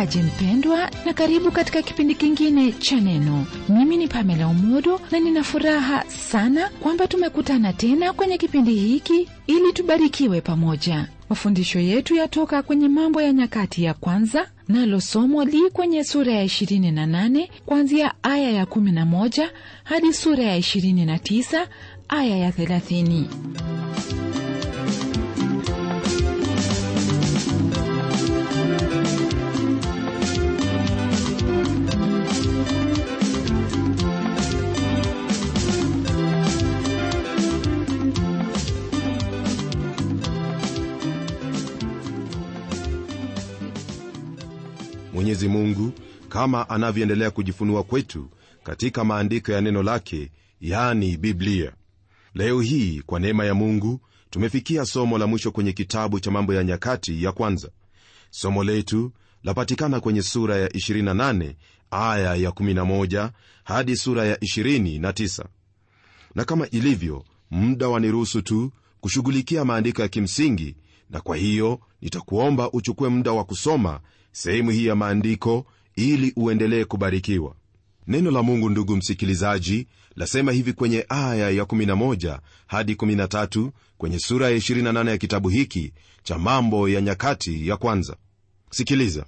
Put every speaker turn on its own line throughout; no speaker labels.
msikilizaji mpendwa, na karibu katika kipindi kingine cha Neno. Mimi ni Pamela Umodo na nina furaha sana kwamba tumekutana tena kwenye kipindi hiki ili tubarikiwe pamoja. Mafundisho yetu yatoka kwenye Mambo ya Nyakati ya Kwanza, nalo somo li kwenye sura ya 28 kuanzia aya ya 11 hadi sura ya 29 aya ya 30. kama anavyoendelea kujifunua kwetu katika maandiko ya neno lake yani biblia leo hii kwa neema ya mungu tumefikia somo la mwisho kwenye kitabu cha mambo ya nyakati ya kwanza somo letu lapatikana kwenye sura ya 28 aya ya 11 hadi sura ya 29 na kama ilivyo muda waniruhusu tu kushughulikia maandiko ya kimsingi na kwa hiyo nitakuomba uchukue muda wa kusoma sehemu hii ya maandiko ili uendelee kubarikiwa neno la mungu ndugu msikilizaji lasema hivi kwenye aya ya 11 hadi 13 kwenye sura ya 28 ya kitabu hiki cha mambo ya nyakati ya kwanza sikiliza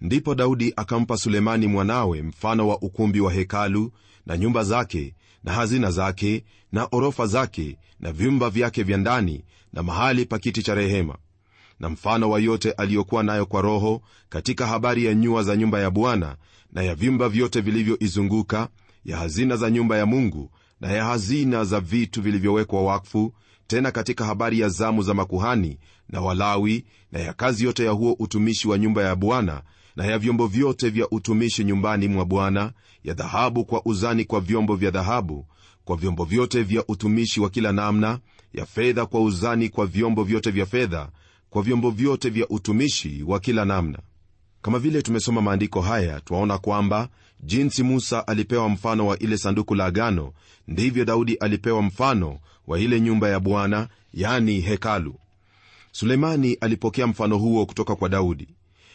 ndipo daudi akampa sulemani mwanawe mfano wa ukumbi wa hekalu na nyumba zake na hazina zake na orofa zake na vyumba vyake vya ndani na mahali pa kiti cha rehema na mfano wa yote aliyokuwa nayo kwa Roho katika habari ya nyua za nyumba ya Bwana na ya vyumba vyote vilivyoizunguka, ya hazina za nyumba ya Mungu na ya hazina za vitu vilivyowekwa wakfu, tena katika habari ya zamu za makuhani na Walawi na ya kazi yote ya huo utumishi wa nyumba ya Bwana na ya vyombo vyote vya utumishi nyumbani mwa Bwana, ya dhahabu kwa uzani kwa vyombo vya dhahabu, kwa vyombo vyote vya utumishi wa kila namna, ya fedha kwa uzani kwa vyombo vyote vya fedha, kwa vyombo vyote vya utumishi wa kila namna kama vile tumesoma maandiko haya twaona kwamba jinsi musa alipewa mfano wa ile sanduku la agano ndivyo daudi alipewa mfano wa ile nyumba ya bwana yani hekalu sulemani alipokea mfano huo kutoka kwa daudi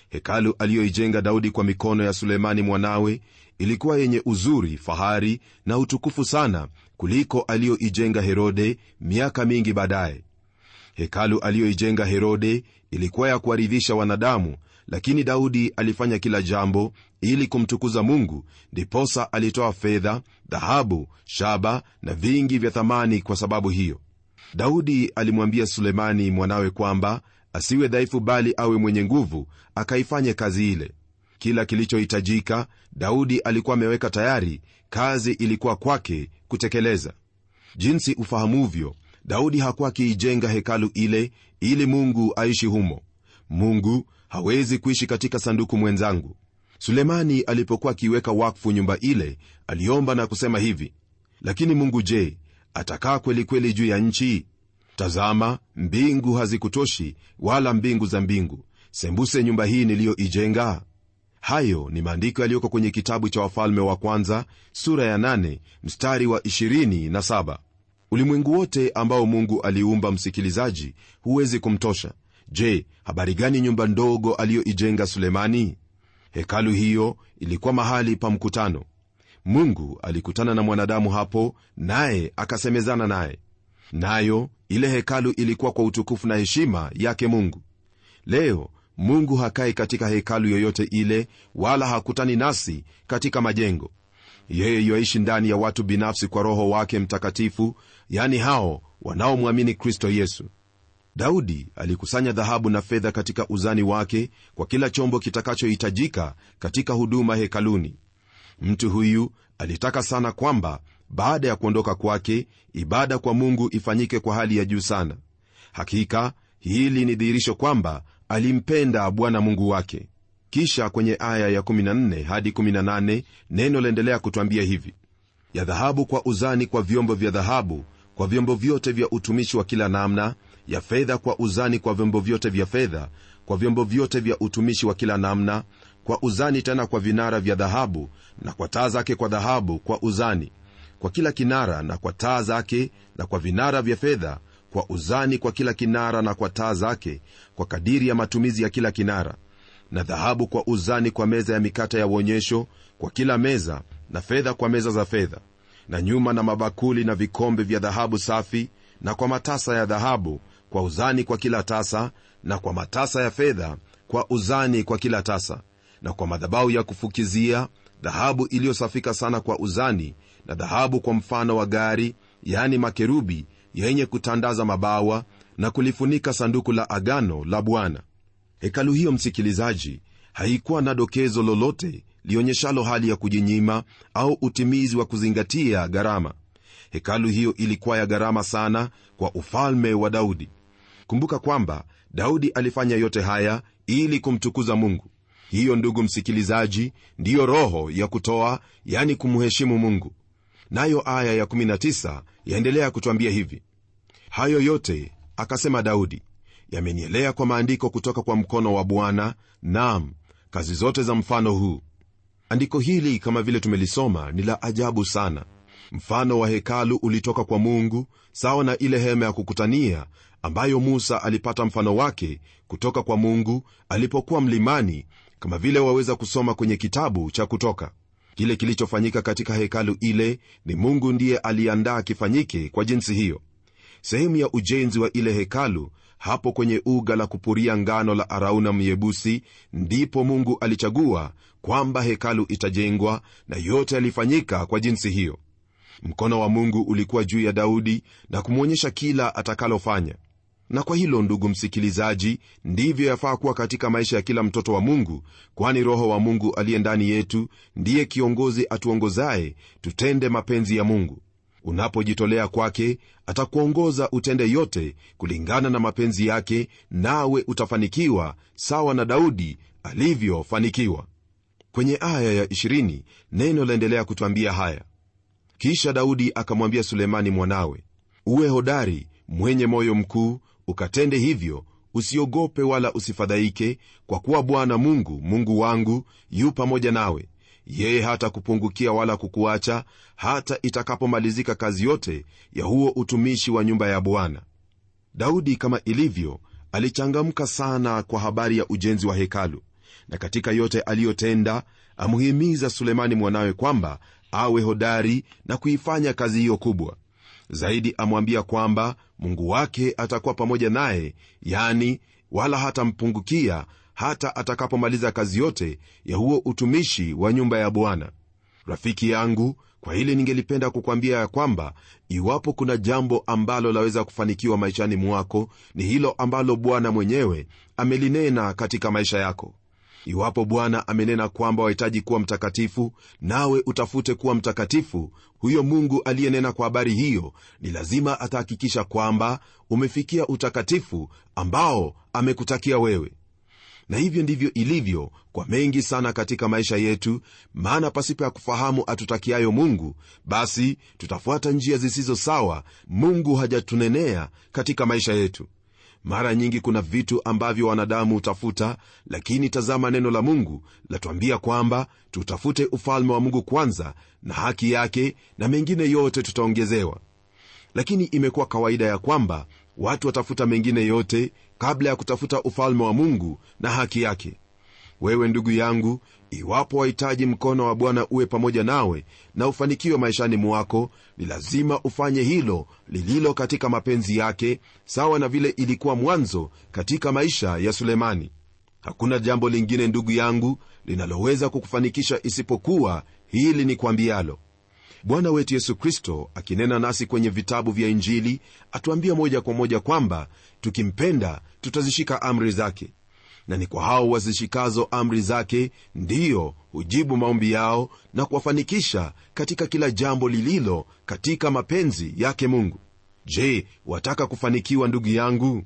hekalu aliyoijenga daudi kwa mikono ya sulemani mwanawe ilikuwa yenye uzuri fahari na utukufu sana kuliko aliyoijenga herode miaka mingi baadaye hekalu aliyoijenga herode ilikuwa ya kuwaridhisha wanadamu lakini daudi alifanya kila jambo ili kumtukuza mungu ndiposa alitoa fedha dhahabu shaba na vingi vya thamani kwa sababu hiyo daudi alimwambia sulemani mwanawe kwamba asiwe dhaifu bali awe mwenye nguvu akaifanye kazi ile kila kilichohitajika daudi alikuwa ameweka tayari kazi ilikuwa kwake kutekeleza jinsi ufahamuvyo daudi hakuwa akiijenga hekalu ile ili mungu aishi humo mungu hawezi kuishi katika sanduku mwenzangu sulemani alipokuwa akiiweka wakfu nyumba ile aliomba na kusema hivi lakini mungu je atakaa kwelikweli juu ya nchi tazama mbingu hazikutoshi wala mbingu za mbingu sembuse nyumba hii niliyoijenga hayo ni maandiko yaliyoko kwenye kitabu cha wafalme wa kwanza sura ya 8 mstari wa 27 ulimwengu wote ambao mungu aliumba msikilizaji huwezi kumtosha je habari gani nyumba ndogo aliyoijenga sulemani hekalu hiyo ilikuwa mahali pa mkutano mungu alikutana na mwanadamu hapo naye akasemezana naye nayo ile hekalu ilikuwa kwa utukufu na heshima yake mungu leo mungu hakai katika hekalu yoyote ile wala hakutani nasi katika majengo yeye yuaishi ndani ya watu binafsi kwa Roho wake Mtakatifu, yani hao wanaomwamini Kristo Yesu. Daudi alikusanya dhahabu na fedha katika uzani wake kwa kila chombo kitakachohitajika katika huduma hekaluni. Mtu huyu alitaka sana kwamba baada ya kuondoka kwake, ibada kwa Mungu ifanyike kwa hali ya juu sana. Hakika hili ni dhihirisho kwamba alimpenda Bwana Mungu wake kisha kwenye aya ya 14 hadi 18 neno laendelea kutwambia hivi ya dhahabu kwa uzani kwa vyombo vya dhahabu kwa vyombo vyote vya utumishi wa kila namna ya fedha kwa uzani kwa vyombo vyote vya fedha kwa vyombo vyote vya utumishi wa kila namna kwa uzani tena kwa vinara vya dhahabu na kwa taa zake kwa dhahabu kwa uzani kwa kila kinara na kwa taa zake na kwa vinara vya fedha kwa uzani kwa kila kinara na kwa taa zake kwa kadiri ya matumizi ya kila kinara na dhahabu kwa uzani kwa meza ya mikata ya uonyesho kwa kila meza na fedha kwa meza za fedha na nyuma na mabakuli na vikombe vya dhahabu safi na kwa matasa ya dhahabu kwa uzani kwa kila tasa na kwa matasa ya fedha kwa uzani kwa kila tasa na kwa madhabau ya kufukizia dhahabu iliyosafika sana kwa uzani na dhahabu kwa mfano wa gari yaani makerubi yenye kutandaza mabawa na kulifunika sanduku la agano la Bwana hekalu hiyo msikilizaji haikuwa na dokezo lolote lionyeshalo hali ya kujinyima au utimizi wa kuzingatia gharama hekalu hiyo ilikuwa ya gharama sana kwa ufalme wa daudi kumbuka kwamba daudi alifanya yote haya ili kumtukuza mungu hiyo ndugu msikilizaji ndiyo roho ya kutoa yani kumheshimu mungu nayo aya ya 19 yaendelea kutwambia hivi hayo yote akasema daudi yamenielea kwa maandiko kutoka kwa mkono wa bwana nam kazi zote za mfano huu andiko hili kama vile tumelisoma ni la ajabu sana mfano wa hekalu ulitoka kwa mungu sawa na ile hema ya kukutania ambayo musa alipata mfano wake kutoka kwa mungu alipokuwa mlimani kama vile waweza kusoma kwenye kitabu cha kutoka kile kilichofanyika katika hekalu ile ni mungu ndiye aliandaa kifanyike kwa jinsi hiyo sehemu ya ujenzi wa ile hekalu hapo kwenye uga la kupuria ngano la arauna myebusi ndipo mungu alichagua kwamba hekalu itajengwa na yote yalifanyika kwa jinsi hiyo mkono wa mungu ulikuwa juu ya daudi na kumwonyesha kila atakalofanya na kwa hilo ndugu msikilizaji ndivyo yafaa kuwa katika maisha ya kila mtoto wa mungu kwani roho wa mungu aliye ndani yetu ndiye kiongozi atuongozaye tutende mapenzi ya mungu unapojitolea kwake atakuongoza utende yote kulingana na mapenzi yake nawe utafanikiwa sawa na daudi alivyofanikiwa kwenye aya ya 20 neno laendelea kutwambia haya kisha daudi akamwambia sulemani mwanawe uwe hodari mwenye moyo mkuu ukatende hivyo usiogope wala usifadhaike kwa kuwa bwana mungu mungu wangu yu pamoja nawe yeye hata kupungukia wala kukuacha hata itakapomalizika kazi yote ya huo utumishi wa nyumba ya bwana daudi kama ilivyo alichangamka sana kwa habari ya ujenzi wa hekalu na katika yote aliyotenda amhimiza sulemani mwanawe kwamba awe hodari na kuifanya kazi hiyo kubwa zaidi amwambia kwamba mungu wake atakuwa pamoja naye yani wala hatampungukia hata atakapomaliza kazi yote ya huo utumishi wa nyumba ya bwana rafiki yangu kwa hili ningelipenda kukwambia ya kwamba iwapo kuna jambo ambalo laweza kufanikiwa maishani mwako ni hilo ambalo bwana mwenyewe amelinena katika maisha yako iwapo bwana amenena kwamba wahitaji kuwa mtakatifu nawe utafute kuwa mtakatifu huyo mungu aliyenena kwa habari hiyo ni lazima atahakikisha kwamba umefikia utakatifu ambao amekutakia wewe na hivyo ndivyo ilivyo kwa mengi sana katika maisha yetu maana pasipo ya kufahamu atutakiayo mungu basi tutafuata njia zisizo sawa mungu hajatunenea katika maisha yetu mara nyingi kuna vitu ambavyo wanadamu hutafuta lakini tazama neno la mungu latwambia kwamba tutafute ufalme wa mungu kwanza na haki yake na mengine yote tutaongezewa lakini imekuwa kawaida ya kwamba watu watafuta mengine yote kabla ya kutafuta ufalme wa mungu na haki yake wewe ndugu yangu iwapo wahitaji mkono wa bwana uwe pamoja nawe na ufanikiwe maishani mwako ni lazima ufanye hilo lililo katika mapenzi yake sawa na vile ilikuwa mwanzo katika maisha ya sulemani hakuna jambo lingine ndugu yangu linaloweza kukufanikisha isipokuwa hili ni kwambialo bwana wetu yesu kristo akinena nasi kwenye vitabu vya injili atuambia moja kwa moja kwamba tukimpenda tutazishika amri zake na ni kwa hao wazishikazo amri zake ndiyo hujibu maombi yao na kuwafanikisha katika kila jambo lililo katika mapenzi yake mungu je wataka kufanikiwa ndugu yangu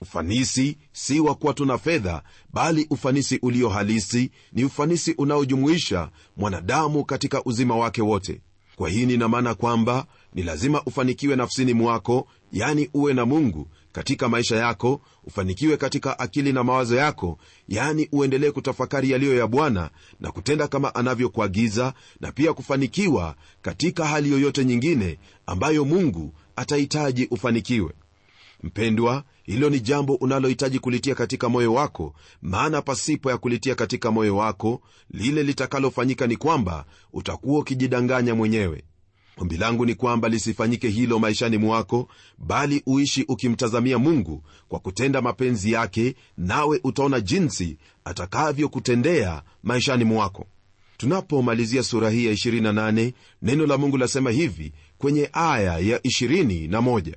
ufanisi si wa kuwa tuna fedha bali ufanisi ulio halisi ni ufanisi unaojumuisha mwanadamu katika uzima wake wote kwa hii nina maana kwamba ni lazima ufanikiwe nafsini mwako yani uwe na mungu katika maisha yako ufanikiwe katika akili na mawazo yako yani uendelee kutafakari yaliyo ya, ya bwana na kutenda kama anavyokuagiza na pia kufanikiwa katika hali yoyote nyingine ambayo mungu atahitaji ufanikiwe mpendwa hilo ni jambo unalohitaji kulitia katika moyo wako maana pasipo ya kulitia katika moyo wako lile litakalofanyika ni kwamba utakuwa ukijidanganya mwenyewe ombi langu ni kwamba lisifanyike hilo maishani mwako bali uishi ukimtazamia mungu kwa kutenda mapenzi yake nawe utaona jinsi atakavyokutendea maishani mwako tunapomalizia sura hii ya 28 neno la mungu lasema hivi kwenye aya ya 21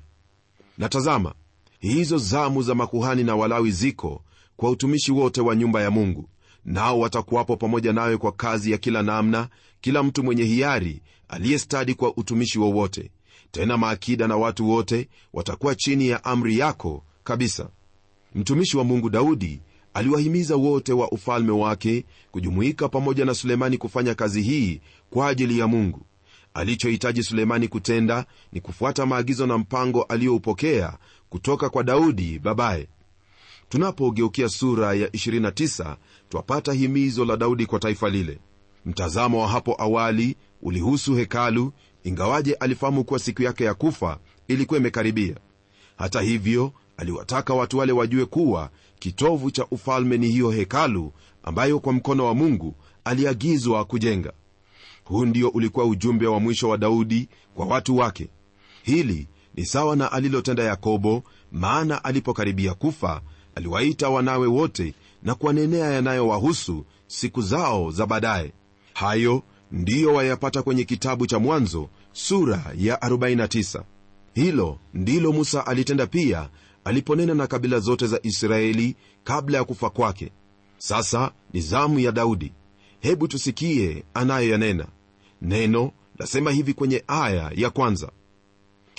natazama hizo zamu za makuhani na walawi ziko kwa utumishi wote wa nyumba ya mungu nao watakuwapo pamoja nawe kwa kazi ya kila namna kila mtu mwenye hiari aliyestadi kwa utumishi wowote tena maakida na watu wote watakuwa chini ya amri yako kabisa mtumishi wa mungu daudi aliwahimiza wote wa ufalme wake kujumuika pamoja na sulemani kufanya kazi hii kwa ajili ya mungu alichohitaji sulemani kutenda ni kufuata maagizo na mpango aliyoupokea kutoka kwa daudi babaye tunapogeukia sura ya 29 twapata himizo la daudi kwa taifa lile mtazamo wa hapo awali ulihusu hekalu ingawaje alifahamu kuwa siku yake ya kufa ilikuwa imekaribia hata hivyo aliwataka watu wale wajue kuwa kitovu cha ufalme ni hiyo hekalu ambayo kwa mkono wa mungu aliagizwa kujenga huu ndio ulikuwa ujumbe wa mwisho wa daudi kwa watu wake hili ni sawa na alilotenda yakobo maana alipokaribia kufa aliwaita wanawe wote na kuwanenea yanayowahusu siku zao za baadaye hayo ndiyo wayapata kwenye kitabu cha mwanzo sura ya 49 hilo ndilo musa alitenda pia aliponena na kabila zote za israeli kabla ya kufa kwake sasa ni zamu ya daudi hebu tusikie anayoyanena neno lasema hivi kwenye aya ya kwanza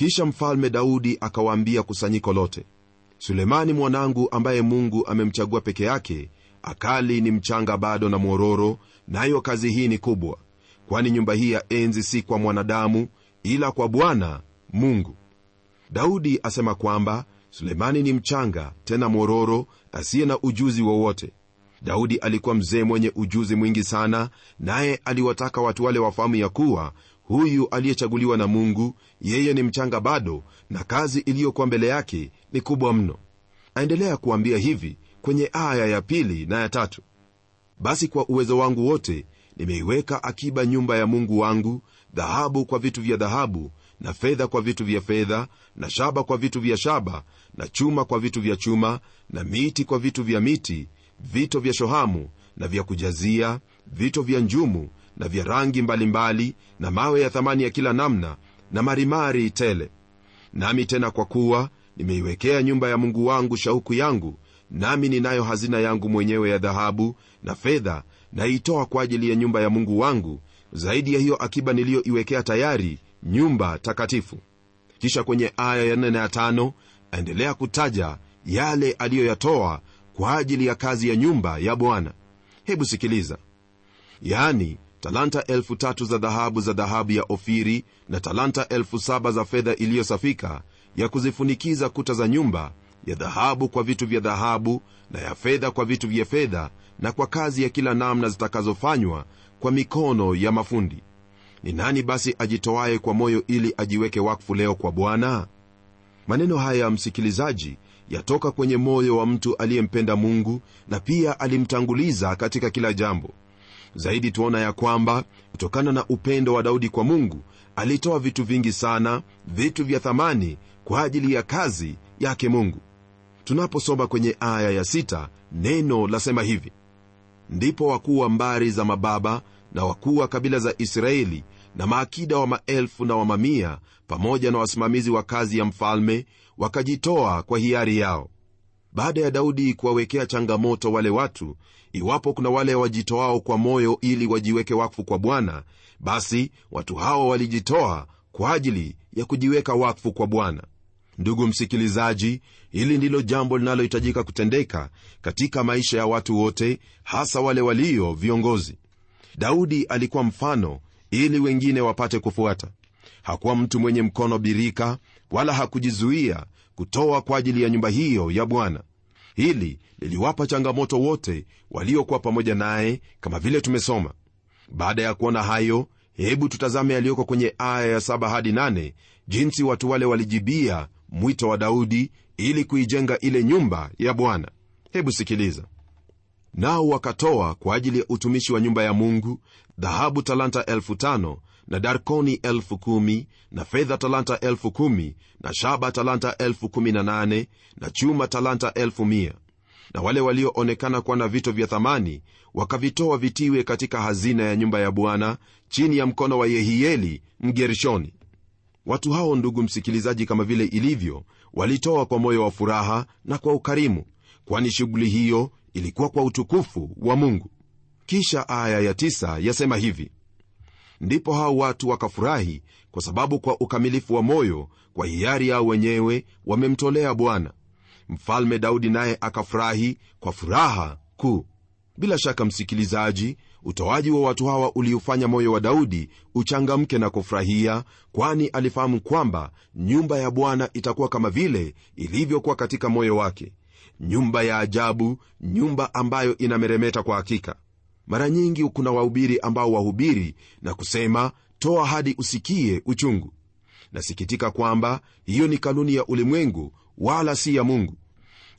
kisha mfalme daudi akawaambia kusanyiko lote sulemani mwanangu ambaye mungu amemchagua peke yake akali ni mchanga bado na mwororo nayo kazi hii ni kubwa kwani nyumba hii ya enzi si kwa mwanadamu ila kwa bwana mungu daudi asema kwamba sulemani ni mchanga tena mororo asiye na ujuzi wowote daudi alikuwa mzee mwenye ujuzi mwingi sana naye aliwataka watu wale wafahamu ya kuwa huyu aliyechaguliwa na mungu yeye ni mchanga bado na kazi iliyokuwa mbele yake ni kubwa mno aendelea kuambia hivi kwenye aya ya pili na ya tatu basi kwa uwezo wangu wote nimeiweka akiba nyumba ya mungu wangu dhahabu kwa vitu vya dhahabu na fedha kwa vitu vya fedha na shaba kwa vitu vya shaba na chuma kwa vitu vya chuma na miti kwa vitu vya miti vito vya shohamu na vya kujazia vito vya njumu na vya rangi mbalimbali mbali, na mawe ya thamani ya kila namna na marimari tele nami tena kwa kuwa nimeiwekea nyumba ya mungu wangu shauku yangu nami ninayo hazina yangu mwenyewe ya dhahabu na fedha naitoa kwa ajili ya nyumba ya mungu wangu zaidi ya hiyo akiba niliyoiwekea tayari nyumba takatifu kisha kwenye aya ya nne na ya tano aendelea kutaja yale aliyoyatoa kwa ajili ya kazi ya nyumba ya bwana hebu sikiliza yani talanta elfu tatu za dhahabu za dhahabu ya ofiri na talanta elfu saba za fedha iliyosafika ya kuzifunikiza kuta za nyumba ya dhahabu kwa vitu vya dhahabu na ya fedha kwa vitu vya fedha na kwa kazi ya kila namna zitakazofanywa kwa mikono ya mafundi ni nani basi ajitoaye kwa moyo ili ajiweke wakfu leo kwa bwana maneno haya msikilizaji yatoka kwenye moyo wa mtu aliyempenda mungu na pia alimtanguliza katika kila jambo zaidi tuona ya kwamba kutokana na upendo wa daudi kwa mungu alitoa vitu vingi sana vitu vya thamani kwa ajili ya kazi yake mungu tunaposoma kwenye aya ya sita, neno lasema hivi ndipo wakuu wa mbari za mababa na wakuu wa kabila za israeli na maakida wa maelfu na wamamia pamoja na wasimamizi wa kazi ya mfalme wakajitoa kwa hiari yao baada ya daudi kuwawekea changamoto wale watu iwapo kuna wale wajitoao kwa moyo ili wajiweke wakfu kwa bwana basi watu hawo walijitoa kwa ajili ya kujiweka wakfu kwa bwana ndugu msikilizaji hili ndilo jambo linalohitajika kutendeka katika maisha ya watu wote hasa wale walio viongozi daudi alikuwa mfano ili wengine wapate kufuata hakuwa mtu mwenye mkono birika wala hakujizuia kutoa kwa ajili ya nyumba hiyo ya bwana hili liliwapa changamoto wote waliokuwa pamoja naye kama vile tumesoma baada ya kuona hayo hebu tutazame yaliyoko kwenye aya ya saba hadi nane jinsi watu wale walijibia mwito wa daudi ili kuijenga ile nyumba ya bwana hebu sikiliza nao wakatoa kwa ajili ya utumishi wa nyumba ya mungu dhahabu talanta 5 na darkoni elfu kumi na fedha talanta elfu kumi na shaba talanta elfu kumi na nane na chuma talanta elfu mia na wale walioonekana kuwa na vito vya thamani wakavitoa vitiwe katika hazina ya nyumba ya bwana chini ya mkono wa yehieli mgerishoni watu hao ndugu msikilizaji kama vile ilivyo walitoa kwa moyo wa furaha na kwa ukarimu kwani shughuli hiyo ilikuwa kwa utukufu wa mungu kisha aya ya tisa yasema hivi ndipo hao watu wakafurahi kwa sababu kwa ukamilifu wa moyo kwa hiari yao wenyewe wamemtolea bwana mfalme daudi naye akafurahi kwa furaha kuu bila shaka msikilizaji utoaji wa watu hawa uliufanya moyo wa daudi uchangamke na kufurahia kwani alifahamu kwamba nyumba ya bwana itakuwa kama vile ilivyokuwa katika moyo wake nyumba ya ajabu nyumba ambayo inameremeta kwa hakika mara nyingi kuna wahubiri ambao wahubiri na kusema toa hadi usikie uchungu nasikitika kwamba hiyo ni kanuni ya ulimwengu wala si ya mungu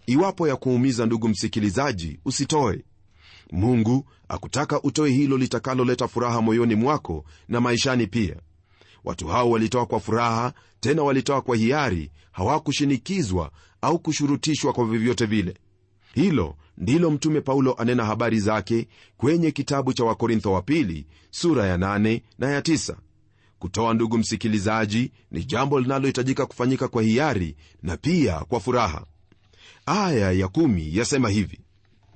iwapo ya kuumiza ndugu msikilizaji usitoe mungu akutaka utoe hilo litakaloleta furaha moyoni mwako na maishani pia watu hao walitoa kwa furaha tena walitoa kwa hiari hawakushinikizwa au kushurutishwa kwa vyovyote vile hilo ndilo mtume paulo anena habari zake kwenye kitabu cha wakorintho wa pili sura ya 8 na ya 9 kutoa ndugu msikilizaji ni jambo linalohitajika kufanyika kwa hiari na pia kwa furaha aya ya kumi yasema hivi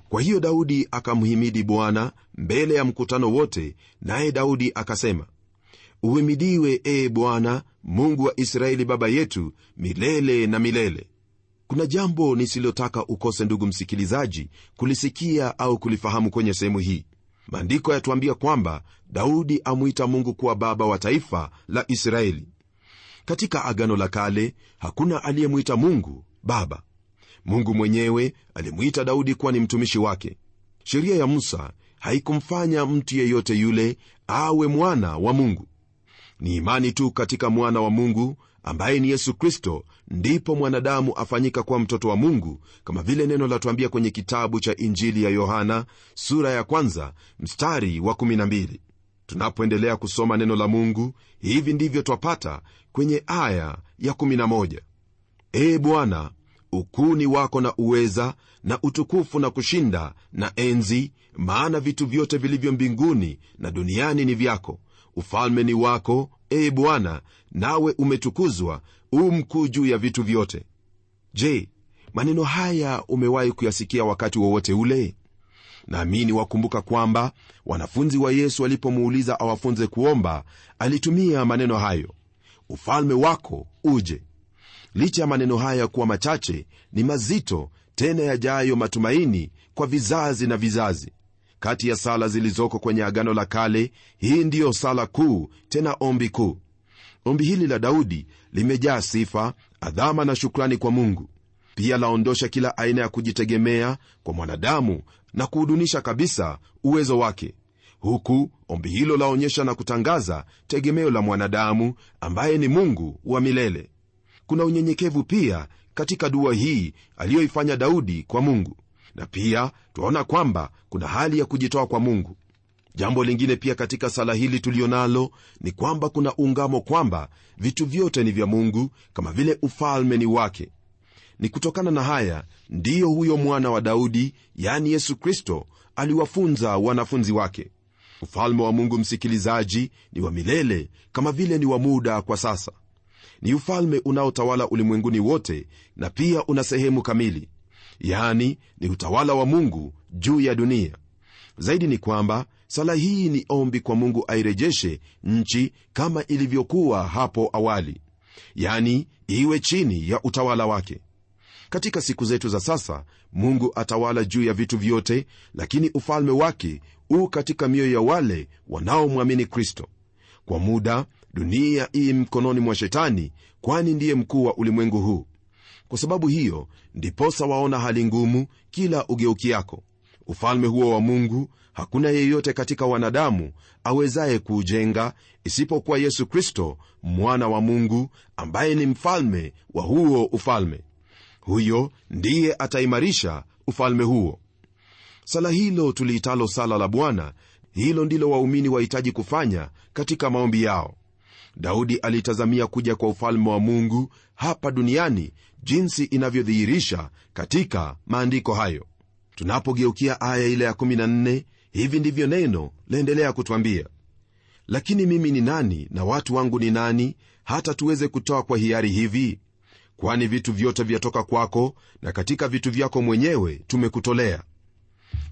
kwa hiyo daudi akamhimidi bwana mbele ya mkutano wote naye daudi akasema uhimidiwe ee bwana mungu wa israeli baba yetu milele na milele kuna jambo nisilotaka ukose ndugu msikilizaji kulisikia au kulifahamu kwenye sehemu hii maandiko yatuambia kwamba daudi amwita mungu kuwa baba wa taifa la israeli katika agano la kale hakuna aliyemwita mungu baba mungu mwenyewe alimwita daudi kuwa ni mtumishi wake sheria ya musa haikumfanya mtu yeyote yule awe mwana wa mungu ni imani tu katika mwana wa mungu ambaye ni yesu kristo ndipo mwanadamu afanyika kuwa mtoto wa mungu kama vile neno latuambia kwenye kitabu cha injili ya yohana sura ya kwanza mstari wa 12 tunapoendelea kusoma neno la mungu hivi ndivyo twapata kwenye aya ya 11 ee bwana ukuni wako na uweza na utukufu na kushinda na enzi maana vitu vyote vilivyo mbinguni na duniani ni vyako ufalme ni wako ee bwana nawe umetukuzwa uu mkuu juu ya vitu vyote je maneno haya umewahi kuyasikia wakati wowote wa ule naamini wakumbuka kwamba wanafunzi wa yesu walipomuuliza awafunze kuomba alitumia maneno hayo ufalme wako uje licha ya maneno haya kuwa machache ni mazito tena yajayo matumaini kwa vizazi na vizazi kati ya sala zilizoko kwenye Agano la Kale, hii ndiyo sala kuu, tena ombi kuu. Ombi hili la Daudi limejaa sifa, adhama na shukrani kwa Mungu. Pia laondosha kila aina ya kujitegemea kwa mwanadamu na kuhudunisha kabisa uwezo wake, huku ombi hilo laonyesha na kutangaza tegemeo la mwanadamu ambaye ni Mungu wa milele. Kuna unyenyekevu pia katika dua hii aliyoifanya Daudi kwa Mungu na pia twaona kwamba kuna hali ya kujitoa kwa mungu jambo lingine pia katika sala hili tuliyo nalo ni kwamba kuna ungamo kwamba vitu vyote ni vya mungu kama vile ufalme ni wake ni kutokana na haya ndiyo huyo mwana wa daudi yani yesu kristo aliwafunza wanafunzi wake ufalme wa mungu msikilizaji ni wa milele kama vile ni wa muda kwa sasa ni ufalme unaotawala ulimwenguni wote na pia una sehemu kamili yani ni utawala wa mungu juu ya dunia zaidi ni kwamba sala hii ni ombi kwa mungu airejeshe nchi kama ilivyokuwa hapo awali yani iwe chini ya utawala wake katika siku zetu za sasa mungu atawala juu ya vitu vyote lakini ufalme wake u katika mioyo ya wale wanaomwamini kristo kwa muda dunia ii mkononi mwa shetani kwani ndiye mkuu wa ulimwengu huu kwa sababu hiyo ndiposa waona hali ngumu kila ugeukiako ufalme huo wa mungu hakuna yeyote katika wanadamu awezaye kuujenga isipokuwa yesu kristo mwana wa mungu ambaye ni mfalme wa huo ufalme huyo ndiye ataimarisha ufalme huo sala hilo tuliitalo sala la bwana hilo ndilo waumini wahitaji kufanya katika maombi yao daudi alitazamia kuja kwa ufalme wa mungu hapa duniani jinsi inavyodhihirisha katika maandiko hayo tunapogeukia aya ile ya 14 hivi ndivyo neno laendelea kutwambia lakini mimi ni nani na watu wangu ni nani hata tuweze kutoa kwa hiari hivi kwani vitu vyote vyatoka kwako na katika vitu vyako mwenyewe tumekutolea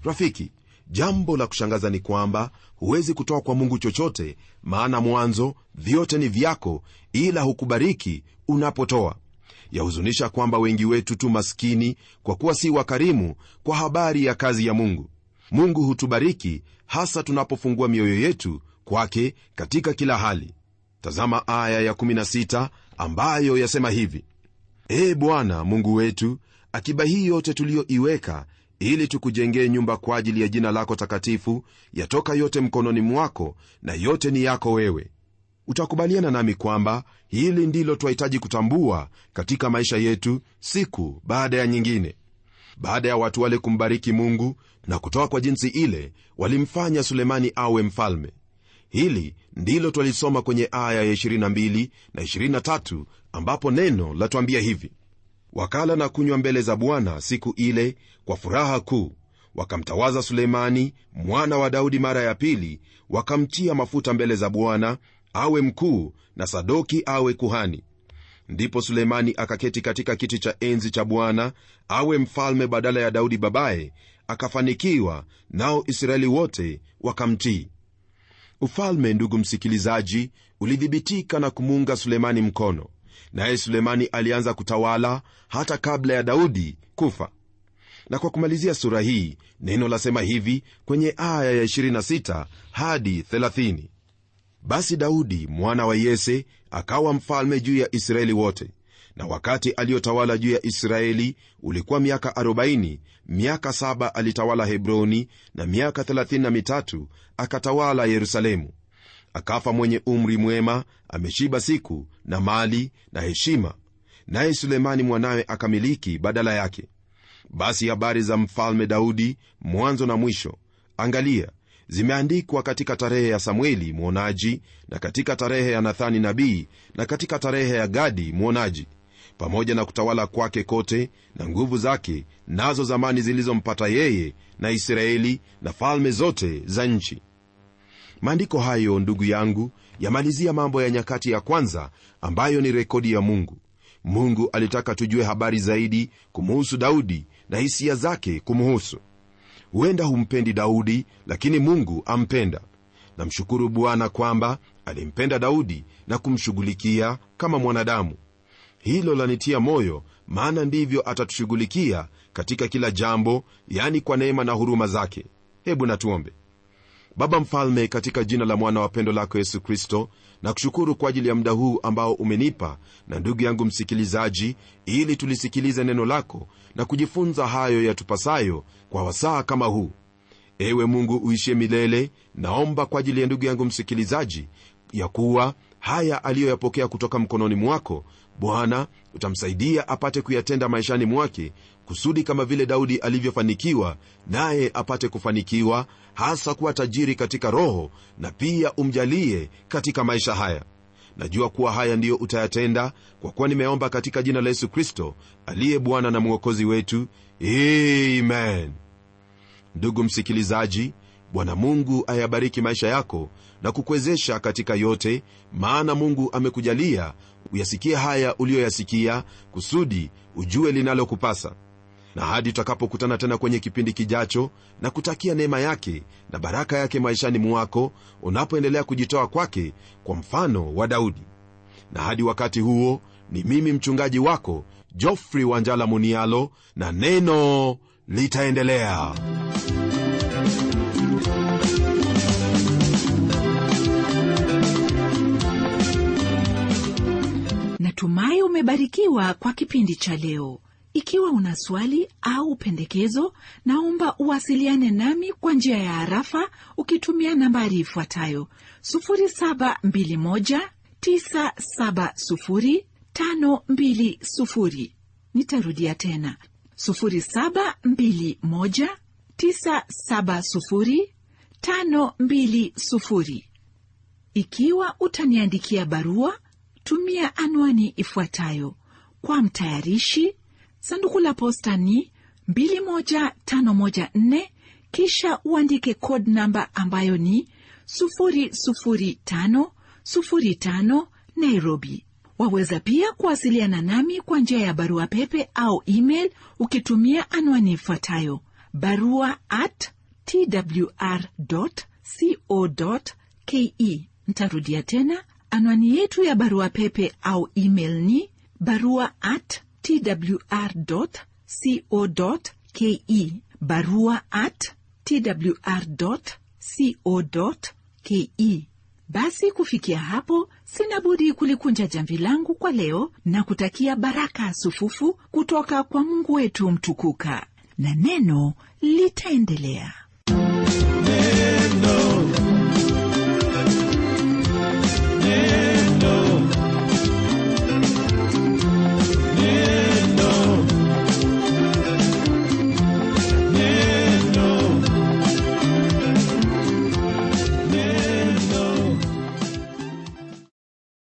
rafiki jambo la kushangaza ni kwamba huwezi kutoa kwa mungu chochote maana mwanzo vyote ni vyako ila hukubariki unapotoa yahuzunisha kwamba wengi wetu tu maskini kwa kuwa si wakarimu kwa habari ya kazi ya mungu mungu hutubariki hasa tunapofungua mioyo yetu kwake katika kila hali tazama aya ya16 ambayo yasema hivi ee bwana mungu wetu akiba hii yote tuliyoiweka ili tukujengee nyumba kwa ajili ya jina lako takatifu yatoka yote mkononi mwako na yote ni yako wewe utakubaliana nami kwamba hili ndilo twahitaji kutambua katika maisha yetu siku baada ya nyingine baada ya watu wale kumbariki mungu na kutoa kwa jinsi ile walimfanya sulemani awe mfalme hili ndilo twalisoma kwenye aya ya 22 na 23 ambapo neno latwambia hivi wakala na kunywa mbele za bwana siku ile kwa furaha kuu wakamtawaza sulemani mwana wa daudi mara ya pili wakamtia mafuta mbele za bwana awe mkuu na sadoki awe kuhani ndipo sulemani akaketi katika kiti cha enzi cha bwana awe mfalme badala ya daudi babaye akafanikiwa nao israeli wote wakamtii ufalme ndugu msikilizaji ulithibitika na kumuunga sulemani mkono naye sulemani alianza kutawala hata kabla ya daudi kufa na kwa kumalizia sura hii neno lasema hivi kwenye aya ya 26 hadi basi daudi mwana wa yese akawa mfalme juu ya israeli wote na wakati aliyotawala juu ya israeli ulikuwa miaka 40 miaka 7 alitawala hebroni na miaka 33 akatawala yerusalemu akafa mwenye umri mwema ameshiba siku na mali na heshima naye sulemani mwanawe akamiliki badala yake basi habari za mfalme daudi mwanzo na mwisho angalia zimeandikwa katika tarehe ya samueli mwonaji na katika tarehe ya nathani nabii na katika tarehe ya gadi mwonaji pamoja na kutawala kwake kote na nguvu zake nazo zamani zilizompata yeye na israeli na falme zote za nchi maandiko hayo ndugu yangu yamalizia mambo ya nyakati ya kwanza ambayo ni rekodi ya mungu mungu alitaka tujue habari zaidi kumuhusu daudi na hisia zake kumuhusu huenda humpendi daudi lakini mungu ampenda namshukuru bwana kwamba alimpenda daudi na kumshughulikia kama mwanadamu hilo lanitia moyo maana ndivyo atatushughulikia katika kila jambo yani kwa neema na huruma zake hebu natuombe baba mfalme katika jina la mwana wa pendo lako yesu kristo na kushukuru kwa ajili ya muda huu ambao umenipa na ndugu yangu msikilizaji ili tulisikilize neno lako na kujifunza hayo yatupasayo kwa wasaa kama huu ewe mungu uishie milele naomba kwa ajili ya ndugu yangu msikilizaji ya kuwa haya aliyoyapokea kutoka mkononi mwako bwana utamsaidia apate kuyatenda maishani mwake kusudi kama vile daudi alivyofanikiwa naye apate kufanikiwa hasa kuwa tajiri katika roho na pia umjalie katika maisha haya najua kuwa haya ndiyo utayatenda kwa kuwa nimeomba katika jina la yesu kristo aliye bwana na mwokozi wetu men ndugu msikilizaji bwana mungu ayabariki maisha yako na kukwezesha katika yote maana mungu amekujalia uyasikie haya uliyoyasikia kusudi ujue linalokupasa na hadi tutakapokutana tena kwenye kipindi kijacho na kutakia neema yake na baraka yake maishani mwako unapoendelea kujitoa kwake kwa mfano wa daudi na hadi wakati huo ni mimi mchungaji wako jofri wanjala munialo na neno litaendelea
natumai umebarikiwa kwa kipindi cha leo ikiwa una swali au pendekezo, naomba uwasiliane nami kwa njia ya arafa ukitumia nambari ifuatayo 0721970520. Nitarudia tena 0721970520. Ikiwa utaniandikia barua, tumia anwani ifuatayo: kwa mtayarishi Sanduku la posta ni 21514 kisha uandike code namba ambayo ni 00505 Nairobi. Waweza pia kuwasiliana nami kwa njia ya barua pepe au email ukitumia anwani ifuatayo barua at ke Ntarudia tena anwani yetu ya barua pepe au email ni barua at twr.co.ke, barua at twr.co.ke. Basi kufikia hapo, sina budi kulikunja jamvi langu kwa leo na kutakia baraka sufufu kutoka kwa Mungu wetu mtukuka, na neno litaendelea neno.